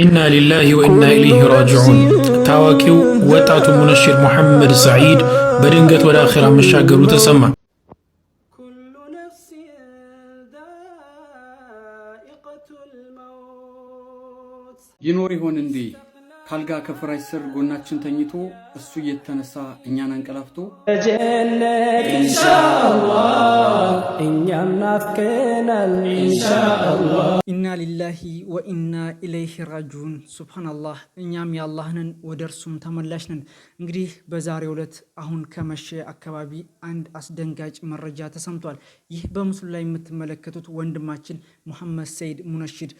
ኢና ሊላሂ ወኢና ኢለይህ ራጅዑን። ታዋቂው ወጣቱ ሙነሽድ ሙሐመድ ሰዒድ በድንገት ወደ አኼራ መሻገሩ ተሰማ። ይኖር ይሆን እንዴ? ካልጋ ከፍራሽ ስር ጎናችን ተኝቶ እሱ እየተነሳ እኛን አንቀላፍቶ ኢንሻአላህ። ኢና ሊላሂ ወኢና ኢለይሂ ራጂዑን። ሱብሃነላህ እኛም የአላህ ወደ እርሱም ተመላሽ ነን። እንግዲህ በዛሬው ዕለት አሁን ከመሸ አካባቢ አንድ አስደንጋጭ መረጃ ተሰምቷል። ይህ በምስሉ ላይ የምትመለከቱት ወንድማችን ሙሐመድ ሰይድ ሙነሽድ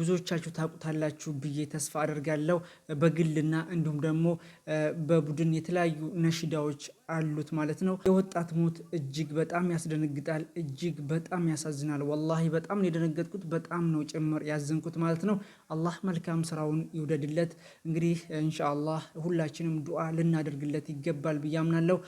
ብዙዎቻችሁ ታውቁታላችሁ ብዬ ተስፋ አደርጋለሁ። በግልና እንዲሁም ደግሞ በቡድን የተለያዩ ነሽዳዎች አሉት ማለት ነው። የወጣት ሞት እጅግ በጣም ያስደነግጣል። እጅግ በጣም በጣም ያሳዝናል። ወላሂ በጣም ነው የደነገጥኩት፣ በጣም ነው ጭምር ያዘንኩት ማለት ነው። አላህ መልካም ስራውን ይውደድለት። እንግዲህ እንሻአላህ ሁላችንም ዱዓ ልናደርግለት ይገባል ብዬ አምናለሁ።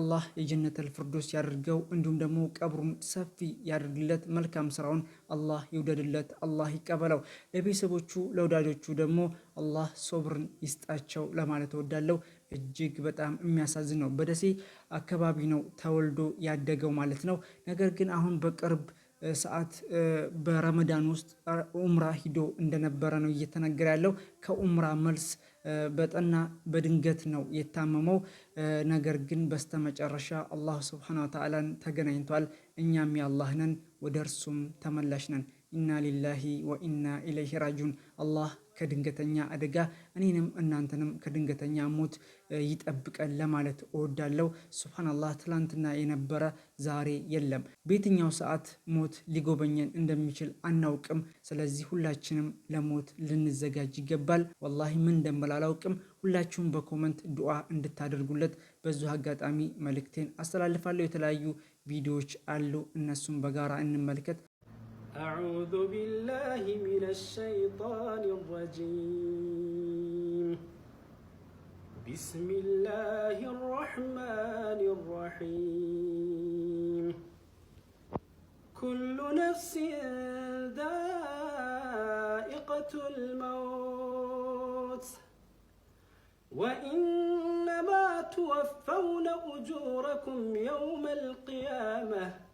አላህ የጀነተል ፍርዶስ ያደርገው፣ እንዲሁም ደግሞ ቀብሩን ሰፊ ያደርግለት። መልካም ስራውን አላህ ይውደድለት፣ አላህ ይቀበለው። ለቤተሰቦቹ ለወዳጆቹ ደግሞ አላህ ሶብርን ይስጣቸው ለማለት እወዳለሁ። እጅግ በጣም የሚያሳዝን ነው። በደሴ አካባቢ ነው ተወልዶ ያደገው ማለት ነው። ነገር ግን አሁን በቅርብ ሰዓት በረመዳን ውስጥ ኡምራ ሂዶ እንደነበረ ነው እየተነገረ ያለው። ከኡምራ መልስ በጠና በድንገት ነው የታመመው። ነገር ግን በስተመጨረሻ አላህ ስብሐነሁ ወተዓላን ተገናኝቷል። እኛም የአላህ ነን፣ ወደ እርሱም ተመላሽ ነን። ኢና ሊላሂ ወኢና ኢለይሂ ራጂዑን አላህ ከድንገተኛ አደጋ እኔንም እናንተንም ከድንገተኛ ሞት ይጠብቀን ለማለት እወዳለሁ። ሱብሃነላህ ትላንትና የነበረ ዛሬ የለም። በየትኛው ሰዓት ሞት ሊጎበኘን እንደሚችል አናውቅም። ስለዚህ ሁላችንም ለሞት ልንዘጋጅ ይገባል። ወላሂ ምን እንደምል አላውቅም። ሁላችሁም በኮመንት ዱዓ እንድታደርጉለት በዙ አጋጣሚ መልእክቴን አስተላልፋለሁ። የተለያዩ ቪዲዮዎች አሉ፣ እነሱን በጋራ እንመልከት። أعوذ بالله من الشيطان الرجيم بسم الله الرحمن الرحيم كل نفس دائقة الموت وإنما توفون أجوركم يوم القيامة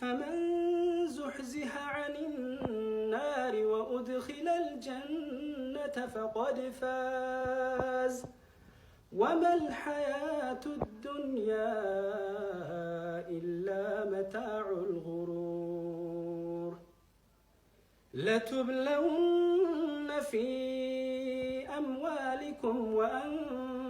فمن زحزح عن النار وأدخل الجنة فقد فاز وما الحياة الدنيا إلا متاع الغرور لتبلون في أموالكم وأنفسكم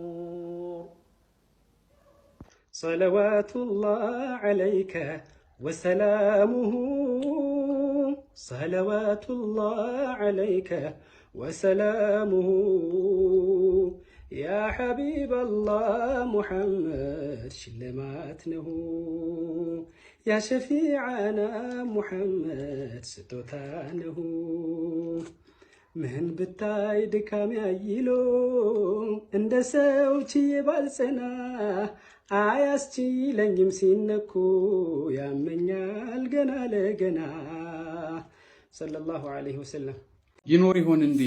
صلوات الله عليك وسلامه صلوات الله عليك وسلامه يا حبيب الله محمد شلماتنه يا شفيعنا محمد ستوتانه من بتاي دكام يا يلو اندسو بالسنا አያስችለኝም ሲነኩ ያመኛል ገና ለገና ሰለላሁ ዐለይሂ ወሰለም። ይኖር ይሆን እንዴ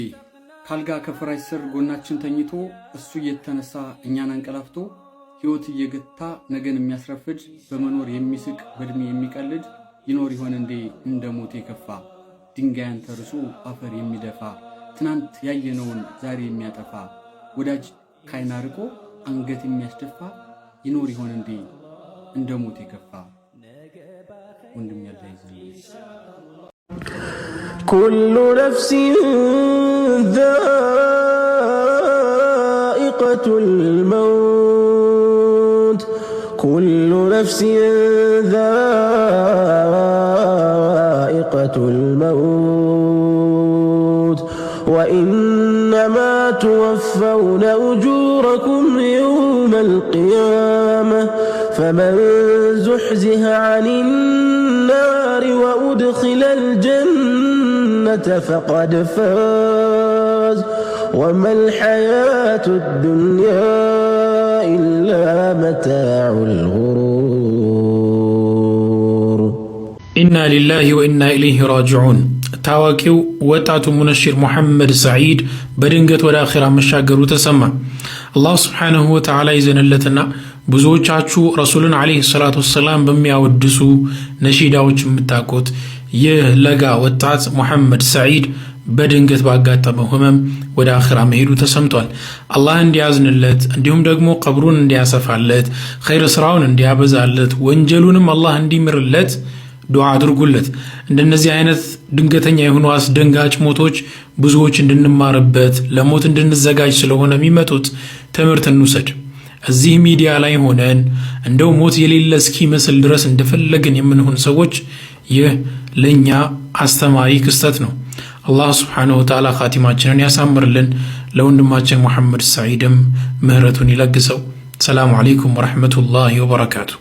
ካልጋ ከፍራሽ ስር ጎናችን ተኝቶ እሱ እየተነሳ እኛን አንቀላፍቶ ህይወት እየገታ ነገን የሚያስረፍድ በመኖር የሚስቅ በእድሜ የሚቀልድ ይኖር ይሆን እንዴ እንደ ሞት የከፋ ድንጋያን ተርሶ አፈር የሚደፋ ትናንት ያየነውን ዛሬ የሚያጠፋ ወዳጅ ካይና ርቆ አንገት የሚያስደፋ ይኖር ይሆን እንዴ እንደ ሞት የከፋ ወንድም ያለ ኩሉ ነፍሲ ذائقة الموت كل نفس ذائقة الموت وإن توفون أجوركم يوم القيامة فمن زحزح عن النار وأدخل الجنة فقد فاز وما الحياة الدنيا إلا متاع الغرور إنا لله وإنا إليه راجعون ታዋቂው ወጣቱ ሙነሺር ሙሐመድ ሰዒድ በድንገት ወደ አኼራ መሻገሩ ተሰማ። አላህ ስብሓንሁ ወተዓላ ይዘንለትና ብዙዎቻችሁ ረሱልን ዓለይሂ ሰላቱ ወሰላም በሚያወድሱ ነሺዳዎች የምታውቁት ይህ ለጋ ወጣት ሙሐመድ ሰዒድ በድንገት ባጋጠመው ህመም ወደ አኼራ መሄዱ ተሰምቷል። አላህ እንዲያዝንለት እንዲሁም ደግሞ ቀብሩን እንዲያሰፋለት፣ ኸይር ስራውን እንዲያበዛለት፣ ወንጀሉንም አላህ እንዲምርለት ዱዓ አድርጉለት። እንደነዚህ አይነት ድንገተኛ የሆኑ አስደንጋጭ ሞቶች ብዙዎች እንድንማርበት ለሞት እንድንዘጋጅ ስለሆነ የሚመጡት ትምህርት እንውሰድ። እዚህ ሚዲያ ላይ ሆነን እንደው ሞት የሌለ እስኪመስል ድረስ እንደፈለግን የምንሆን ሰዎች ይህ ለእኛ አስተማሪ ክስተት ነው። አላህ ስብሓነሁ ወተዓላ ኻቲማችንን ያሳምርልን። ለወንድማችን መሐመድ ሰዒድም ምህረቱን ይለግሰው። ሰላሙ ዓለይኩም ወረሕመቱላሂ ወበረካቱ።